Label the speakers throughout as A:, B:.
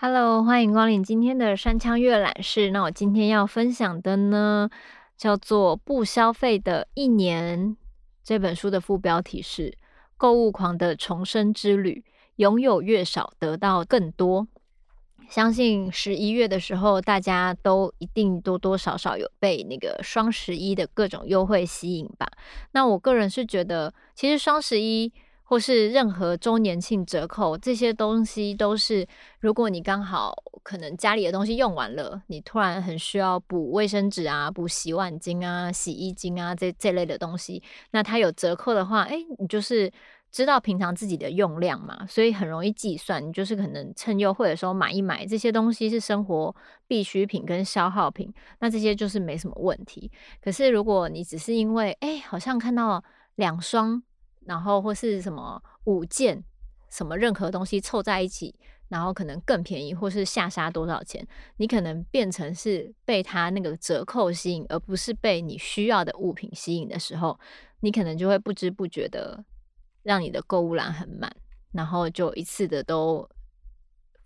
A: Hello，歡迎光臨今天的山羌閱覽室。那我今天要分享的呢，叫做《不消費的一年》，這本書的副標題是“購物狂的重生之旅：擁有越少，得到更多”。相信十一月的時候，大家都一定多多少少有被那個雙十一的各種優惠吸引吧？那我個人是覺得，其實雙十一或是任何周年慶折扣這些東西，都是如果你剛好可能家裡的東西用完了，你突然很需要補衛生紙啊、補洗碗巾啊、洗衣精啊這這類的東西，那它有折扣的話，哎、欸，你就是。知道平常自己的用量嘛，所以很容易計算。你就是可能趁優惠的時候買一買這些東西，是生活必需品跟消耗品，那這些就是沒什麼問題。可是如果你只是因為誒、欸、好像看到兩雙，然後或是什麼五件什麼任何東西湊在一起，然後可能更便宜，或是下殺多少錢，你可能變成是被它那個折扣吸引，而不是被你需要的物品吸引的時候，你可能就會不知不覺的。讓你的購物籃很滿，然後就一次的都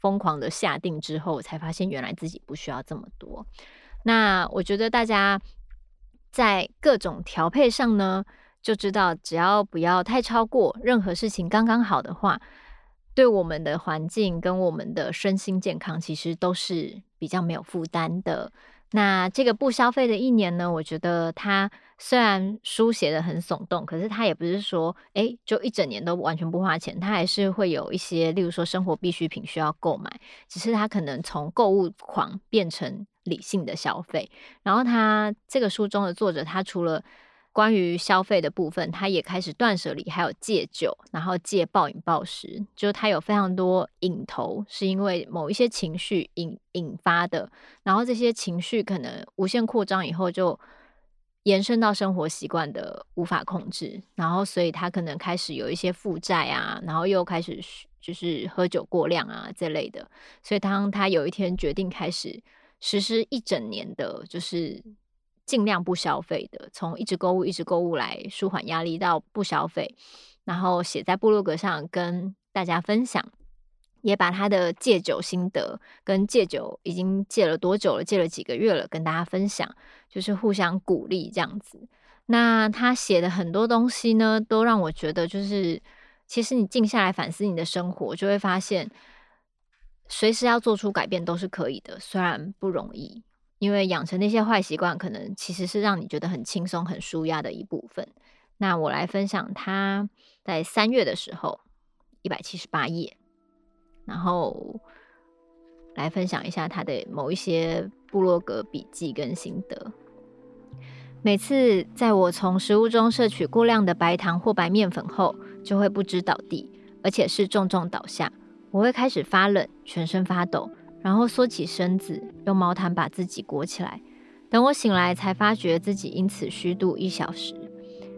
A: 瘋狂的下定之後，我才發現原來自己不需要這麼多。那我覺得大家在各種調配上呢，就知道只要不要太超過，任何事情剛剛好的話，對我們的環境跟我們的身心健康，其實都是比較沒有負擔的。那這個不消費的一年呢，我覺得他雖然書寫的很聳動，可是他也不是說，誒、欸，就一整年都完全不花錢，他還是會有一些，例如說生活必需品需要購買，只是他可能從購物狂變成理性的消費。然後他這個書中的作者，他除了關於消費的部分，他也開始斷捨離，還有戒酒，然後戒暴飲暴食。就是他有非常多癮頭，是因為某一些情緒引引發的，然後這些情緒可能無限擴張以後，就延伸到生活習慣的無法控制，然後所以他可能開始有一些負債啊，然後又開始就是喝酒過量啊這類的。所以當他有一天決定開始實施一整年的，就是。盡量不消費的，從一直購物一直購物來舒緩壓力到不消費，然後寫在部落格上跟大家分享，也把他的戒酒心得跟戒酒已經戒了多久了，戒了幾個月了跟大家分享，就是互相鼓勵這樣子。那他寫的很多東西呢，都讓我覺得就是，其實你靜下來反思你的生活，就會發現，隨時要做出改變都是可以的，雖然不容易。因為養成那些壞習慣，可能其實是讓你覺得很輕鬆、很舒壓的一部分。那我來分享他，在三月的時候，一百七十八頁，然後來分享一下他的某一些部落格筆記跟心得。每次在我從食物中攝取過量的白糖或白麵粉後，就會不支倒地，而且是重重倒下。我會開始發冷，全身發抖。然後縮起身子，用毛毯把自己裹起來。等我醒來，才發覺自己因此虛度一小時。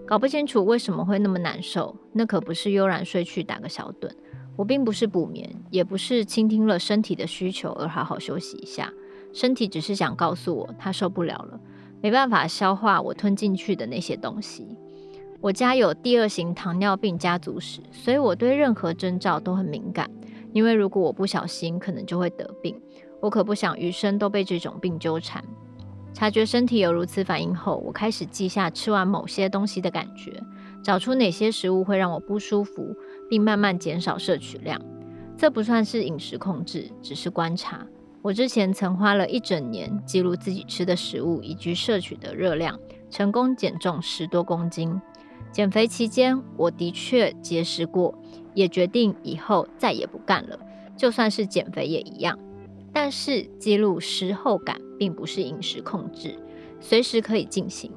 A: 搞不清楚為什麼會那麼難受，那可不是悠然睡去打個小盹。我並不是補眠，也不是傾聽了身體的需求而好好休息一下。身體只是想告訴我，它受不了了，沒辦法消化我吞進去的那些東西。我家有第二型糖尿病家族史，所以我對任何徵兆都很敏感。因為如果我不小心，可能就會得病。我可不想餘生都被這種病糾纏。察覺身體有如此反應後，我開始記下吃完某些東西的感覺，找出哪些食物會讓我不舒服，並慢慢減少攝取量。這不算是飲食控制，只是觀察。我之前曾花了一整年記錄自己吃的食物以及攝取的熱量，成功減重十多公斤。減肥期間，我的確節食過，也決定以後再也不幹了，就算是減肥也一樣。但是記錄食後感並不是飲食控制，隨時可以進行。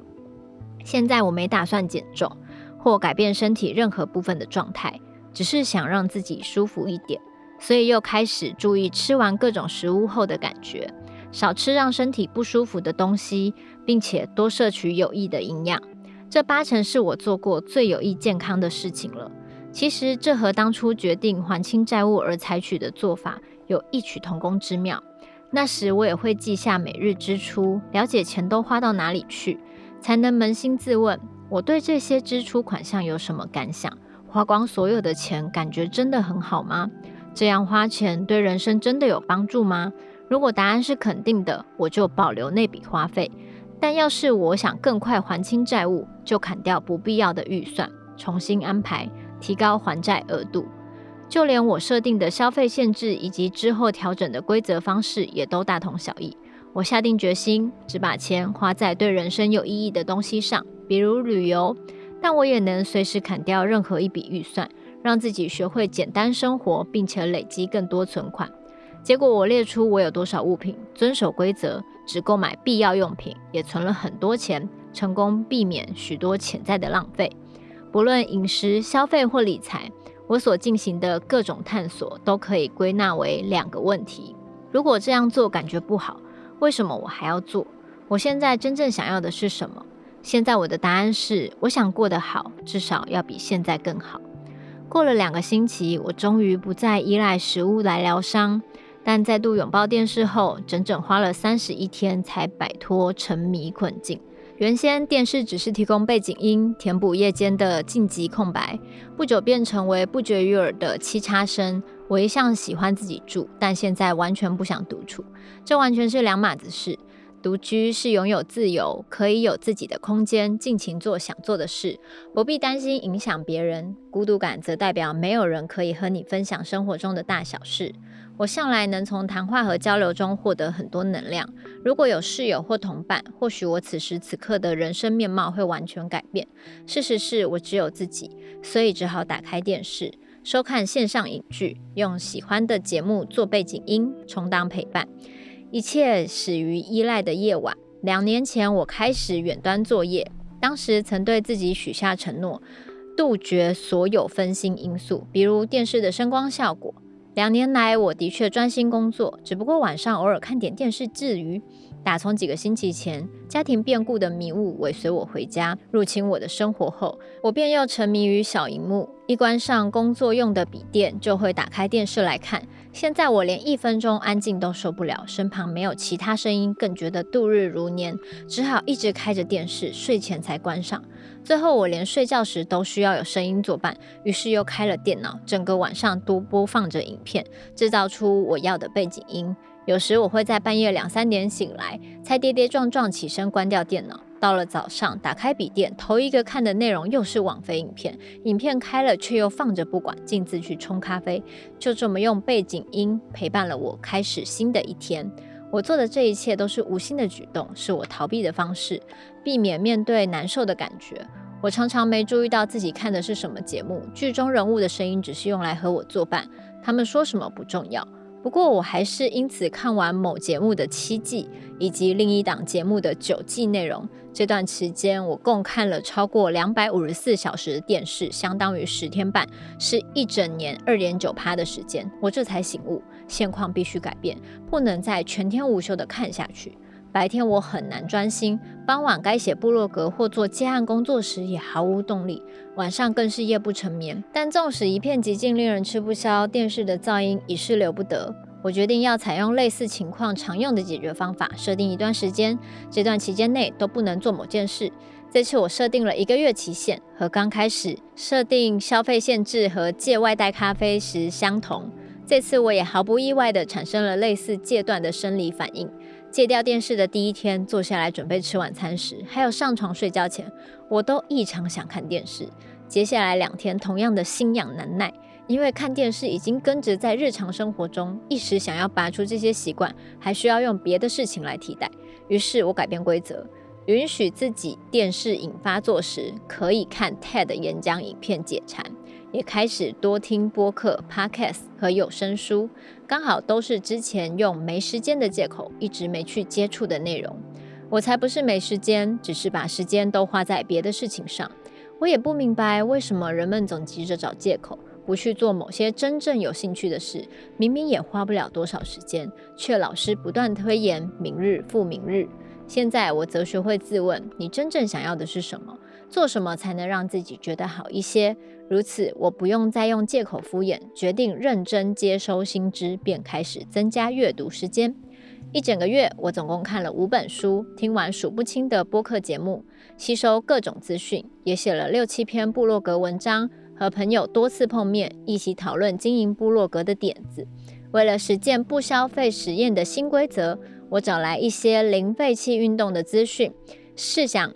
A: 現在我沒打算減重或改變身體任何部分的狀態，只是想讓自己舒服一點，所以又開始注意吃完各種食物後的感覺，少吃讓身體不舒服的東西，並且多攝取有益的營養。這八成是我做過最有益健康的事情了。其實這和當初決定還清債務而採取的做法有異曲同工之妙。那時我也會記下每日支出，了解錢都花到哪裡去，才能捫心自問：我對這些支出款項有什麼感想？花光所有的錢，感覺真的很好嗎？這樣花錢對人生真的有幫助嗎？如果答案是肯定的，我就保留那筆花費。但要是我想更快還清債務，就砍掉不必要的預算，重新安排，提高還債額度。就連我設定的消費限制以及之後調整的規則方式也都大同小異。我下定決心，只把錢花在對人生有意義的東西上，比如旅遊。但我也能隨時砍掉任何一筆預算，讓自己學會簡單生活，並且累積更多存款。結果我列出我有多少物品，遵守規則，只購買必要用品，也存了很多錢，成功避免許多潛在的浪費。不論飲食、消費或理財，我所進行的各種探索都可以歸納為兩個問題：如果這樣做感覺不好，為什麼我還要做？我現在真正想要的是什麼？現在我的答案是，我想過得好，至少要比現在更好。過了兩個星期，我終於不再依賴食物來療傷。但再度擁抱電視後，整整花了三十一天才擺脫沉迷困境。原先電視只是提供背景音，填補夜間的靜寂空白，不久便成為不絕於耳的七叉聲。我一向喜歡自己住，但現在完全不想獨處，這完全是兩碼子事。獨居是擁有自由，可以有自己的空間，盡情做想做的事，不必擔心影響別人；孤獨感則代表沒有人可以和你分享生活中的大小事。我向來能從談話和交流中獲得很多能量。如果有室友或同伴，或許我此時此刻的人生面貌會完全改變。事實是我只有自己，所以只好打開電視，收看線上影劇，用喜歡的節目做背景音，充當陪伴。一切始於依賴的夜晚。兩年前，我開始遠端作業，當時曾對自己許下承諾，杜絕所有分心因素，比如電視的聲光效果。兩年來，我的確專心工作，只不過晚上偶爾看點電視之餘，打從幾個星期前，家庭變故的迷霧尾隨我回家，入侵我的生活後，我便又沉迷於小熒幕，一關上工作用的筆電，就會打開電視來看。現在我連一分鐘安靜都受不了，身旁沒有其他聲音，更覺得度日如年，只好一直開着電視，睡前才關上。最後我連睡覺時都需要有聲音作伴，於是又開了電腦，整個晚上都播放着影片，製造出我要的背景音。有時我會在半夜兩三點醒來，才跌跌撞撞起身關掉電腦。到了早上，打開筆電，頭一個看的內容又是網飛影片。影片開了，卻又放着不管，徑自去沖咖啡。就這麼用背景音陪伴了我開始新的一天。我做的這一切都是無心的舉動，是我逃避的方式，避免面對難受的感覺。我常常沒注意到自己看的是什麼節目，劇中人物的聲音只是用來和我作伴，他們說什麼不重要。不過，我還是因此看完某節目的七季，以及另一檔節目的九季內容。這段期間，我共看了超過兩百五十四小時的電視，相當於十天半，是一整年二點九趴的時間。我這才醒悟，現況必須改變，不能再全天無休地看下去。白天我很難專心，傍晚該寫部落格或做接案工作時也毫無動力，晚上更是夜不成眠。但縱使一片寂靜，令人吃不消，電視的噪音已是留不得。我決定要採用類似情況常用的解決方法，設定一段時間，這段期間內都不能做某件事。這次我設定了一個月期限，和剛開始設定消費限制和戒外帶咖啡時相同。這次我也毫不意外地產生了類似戒斷的生理反應。戒掉電視的第一天，坐下來準備吃晚餐時，還有上床睡覺前，我都異常想看電視。接下來兩天，同樣的心癢難耐。因為看電視已經根植在日常生活中，一時想要拔出這些習慣，還需要用別的事情來替代。於是我改變規則，允許自己電視癮發作時可以看 TED 演講影片解饞，也開始多聽播客、Podcast 和有聲書，剛好都是之前用沒時間的借口一直沒去接觸的內容。我才不是沒時間，只是把時間都花在別的事情上。我也不明白為什麼人們總急着找借口。不去做某些真正有興趣的事，明明也花不了多少時間，卻老是不斷推延，明日復明日。現在我則學會自問：你真正想要的是什麼？做什麼才能讓自己覺得好一些？如此，我不用再用借口敷衍，決定認真接收新知，便開始增加閱讀時間。一整個月，我總共看了五本書，聽完數不清的播客節目，吸收各種資訊，也寫了六七篇部落格文章。和朋友多次碰面，一起討論經營部落格的點子。為了實踐不消費實驗的新規則，我找來一些零廢棄運動的資訊，試想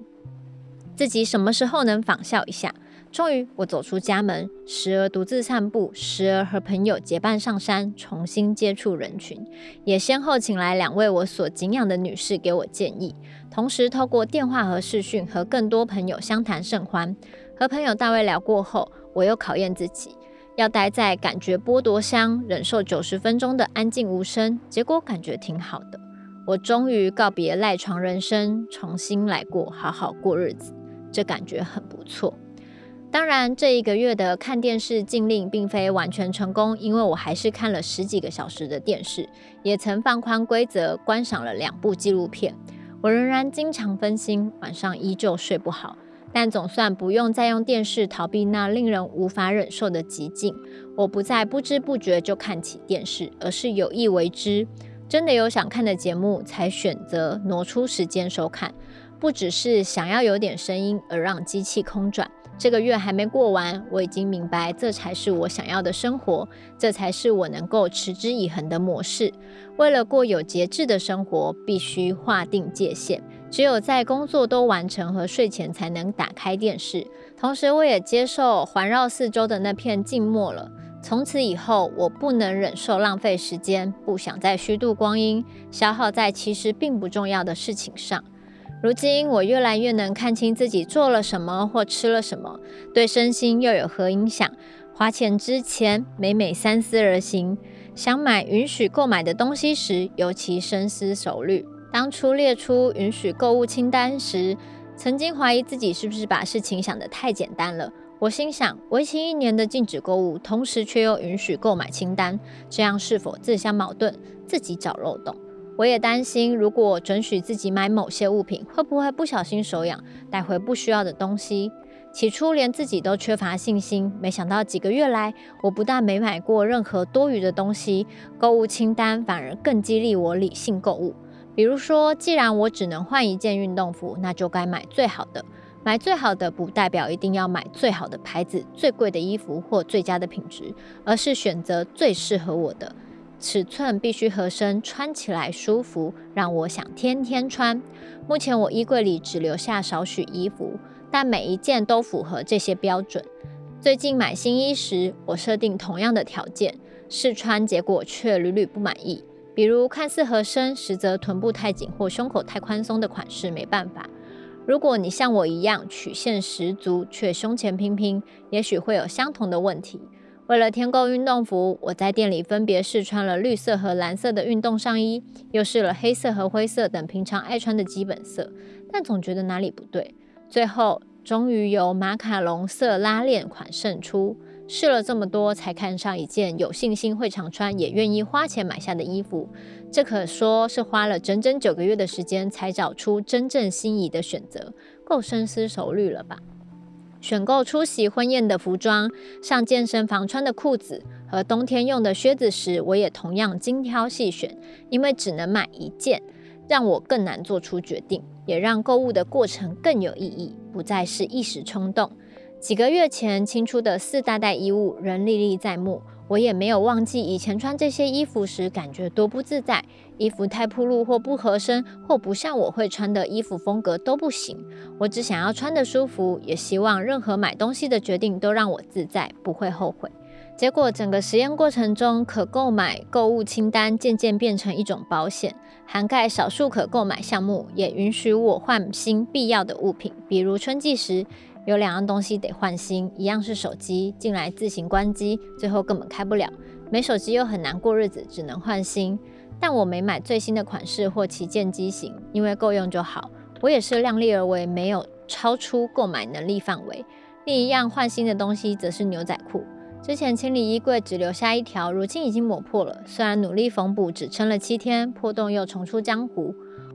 A: 自己什麼時候能仿效一下。終於，我走出家門，時而獨自散步，時而和朋友結伴上山，重新接觸人群，也先後請來兩位我所敬仰的女士給我建議，同時透過電話和視訊和更多朋友相談甚歡。和朋友大衛聊過後，我又考驗自己，要待在感覺剝奪箱，忍受九十分鐘的安靜無聲。結果感覺挺好的，我終於告別賴床人生，重新來過，好好過日子，這感覺很不錯。當然，這一個月的看電視禁令並非完全成功，因為我還是看了十幾個小時的電視，也曾放寬規則觀賞了兩部紀錄片。我仍然經常分心，晚上依舊睡不好。但總算不用再用電視逃避那令人無法忍受的寂靜。我不再不知不覺就看起電視，而是有意為之。真的有想看的節目，才選擇挪出時間收看，不只是想要有點聲音而讓機器空轉。這個月還沒過完，我已經明白這才是我想要的生活，這才是我能夠持之以恆的模式。為了過有節制的生活，必須劃定界限。只有在工作都完成和睡前才能打開電視。同時，我也接受環繞四周的那片靜默了。從此以後，我不能忍受浪費時間，不想再虛度光陰，消耗在其實並不重要的事情上。如今，我越來越能看清自己做了什麼或吃了什麼，對身心又有何影響。花錢之前，每每三思而行；想買允許購買的東西時，尤其深思熟慮。當初列出允許購物清單時，曾經懷疑自己是不是把事情想得太簡單了。我心想，為期一年的禁止購物，同時卻又允許購買清單，這樣是否自相矛盾、自己找漏洞？我也擔心，如果准許自己買某些物品，會不會不小心手癢，帶回不需要的東西？起初連自己都缺乏信心，沒想到幾個月來，我不但沒買過任何多餘的東西，購物清單反而更激勵我理性購物。比如說，既然我只能換一件運動服，那就該買最好的。買最好的不代表一定要買最好的牌子、最貴的衣服或最佳的品質，而是選擇最適合我的。尺寸必須合身，穿起來舒服，讓我想天天穿。目前我衣櫃裡只留下少許衣服，但每一件都符合這些標準。最近買新衣時，我設定同樣的條件，試穿結果卻屢屢不滿意。比如看似合身，實則臀部太緊或胸口太寬鬆的款式，沒辦法。如果你像我一樣曲線十足卻胸前平平，也許會有相同的問題。為了添購運動服，我在店裡分別試穿了綠色和藍色的運動上衣，又試了黑色和灰色等平常愛穿的基本色，但總覺得哪裡不對。最後，終於由馬卡龍色拉鏈款勝出。試了這麼多，才看上一件有信心會常穿、也願意花錢買下的衣服。這可說是花了整整九個月的時間才找出真正心儀的選擇，夠深思熟慮了吧？選購出席婚宴的服裝、上健身房穿的褲子和冬天用的靴子時，我也同樣精挑細選，因為只能買一件，讓我更難做出決定，也讓購物的過程更有意義，不再是一時衝動。幾個月前清出的四大袋衣物仍歷歷在目，我也沒有忘記以前穿這些衣服時感覺多不自在，衣服太暴露或不合身或不像我會穿的衣服風格都不行。我只想要穿得舒服，也希望任何買東西的決定都讓我自在，不會後悔。結果整個實驗過程中，可購買購物清單漸漸變成一種保險，涵蓋少數可購買項目，也允許我換新必要的物品，比如春季時。有兩樣東西得換新，一樣是手機，近來自行關機，最後根本開不了。沒手機又很難過日子，只能換新。但我沒買最新的款式或旗艦機型，因為夠用就好。我也是量力而為，沒有超出購買能力範圍。另一樣換新的東西則是牛仔褲，之前清理衣櫃只留下一條，如今已經磨破了。雖然努力縫補，只撐了七天，破洞又重出江湖。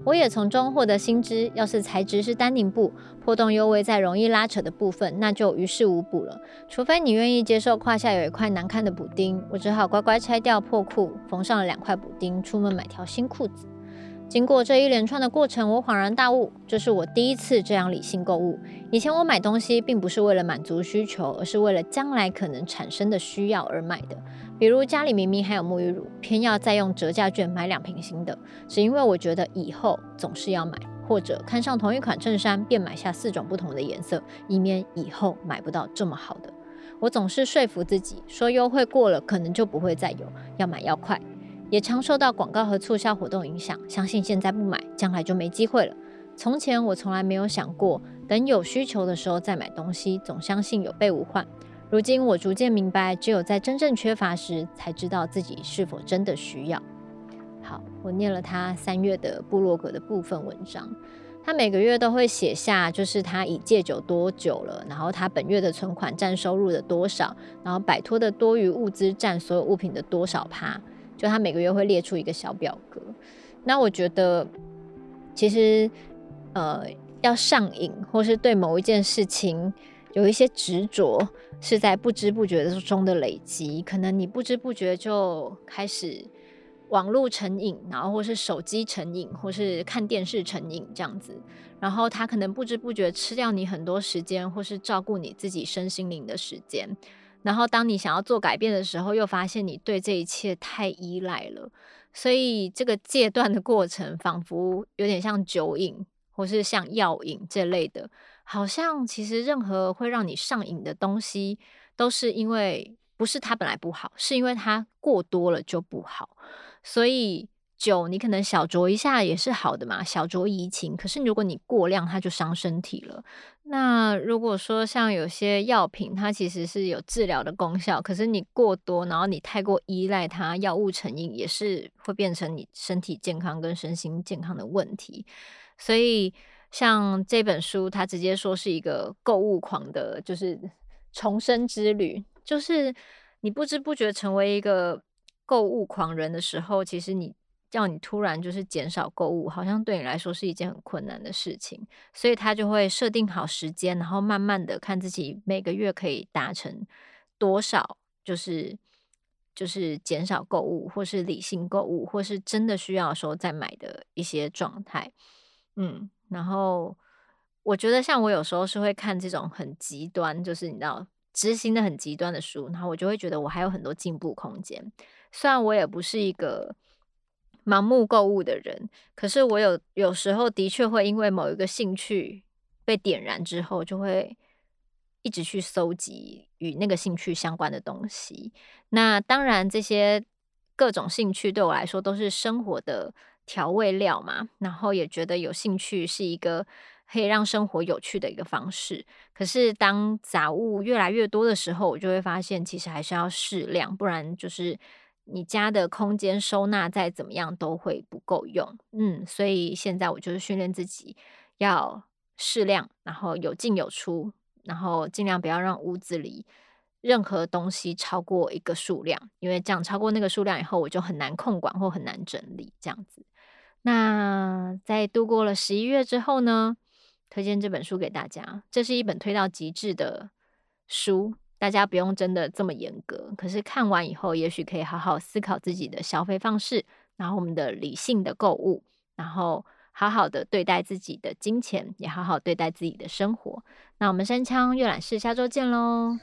A: 我也從中獲得新知，要是材質是丹寧布，破洞又位在容易拉扯的部分，那就於事無補了。除非你願意接受胯下有一塊難看的補丁，我只好乖乖拆掉破褲，縫上了兩塊補丁，出門買條新褲子。經過這一連串的過程，我恍然大悟，這是我第一次這樣理性購物。以前我買東西並不是為了滿足需求，而是為了將來可能產生的需要而買的。比如家裡明明還有沐浴乳，偏要再用折價券買兩瓶新的，只因為我覺得以後總是要買，或者看上同一款襯衫便買下四種不同的顏色，以免以後買不到這麼好的。我總是說服自己，說優惠過了可能就不會再有，要買要快，也常受到廣告和促銷活動影響，相信現在不買，將來就沒機會了。從前我從來沒有想過等有需求的時候再買東西，總相信有備無患。如今我逐漸明白，只有在真正缺乏時，才知道自己是否真的需要。好，我念了他三月的部落格的部分文章。他每個月都會寫下，就是他已戒酒多久了，然後他本月的存款占收入的多少，然後擺脫的多餘物資占所有物品的多少趴。就他每個月會列出一個小表格。那我覺得，其實，呃，要上癮或是對某一件事情。有一些執着是在不知不覺之中的累積，可能你不知不覺就開始網絡成癮，然後或是手機成癮，或是看電視成癮這樣子。然後他可能不知不覺吃掉你很多時間，或是照顧你自己身心靈的時間。然後當你想要做改變的時候，又發現你對這一切太依賴了，所以這個戒斷的過程仿佛有點像酒癮，或是像藥癮這類的。好像其實任何會讓你上癮的東西，都是因為不是它本來不好，是因為它過多了就不好。所以酒你可能小酌一下也是好的嘛，小酌怡情。可是如果你過量，它就傷身體了。那如果說像有些藥品，它其實是有治療的功效，可是你過多，然後你太過依賴它，藥物成癮也是會變成你身體健康跟身心健康的問題。所以。像這本書，他直接說是一個購物狂的，就是重生之旅。就是你不知不覺成為一個購物狂人的時候，其實你叫你突然就是減少購物，好像對你來說是一件很困難的事情。所以他就會設定好時間，然後慢慢的看自己每個月可以達成多少，就是，就是就是減少購物，或是理性購物，或是真的需要的時候再買的一些狀態。嗯。然後，我覺得像我有時候是會看這種很極端，就是你知道執行的很極端的書，然後我就會覺得我還有很多進步空間。雖然我也不是一個盲目購物的人，可是我有有時候的確會因為某一個興趣被點燃之後，就會一直去搜集與那個興趣相關的東西。那當然，這些各種興趣對我來說都是生活的。調味料嘛，然後也覺得有興趣是一個可以讓生活有趣的一個方式。可是當雜物越來越多的時候，我就會發現其實還是要適量，不然就是你家的空間收納再怎麼樣都會不夠用。嗯，所以現在我就是訓練自己要適量，然後有進有出，然後盡量不要讓屋子裡任何東西超過一個數量，因為這樣超過那個數量以後，我就很難控管或很難整理這樣子。那在度過了十一月之後呢，推薦這本書給大家，這是一本推到極致的書，大家不用真的這麼嚴格，可是看完以後，也許可以好好思考自己的消費方式，然後我們的理性的購物，然後好好的對待自己的金錢，也好好對待自己的生活。那我們山羌閱覽室下周見嘍。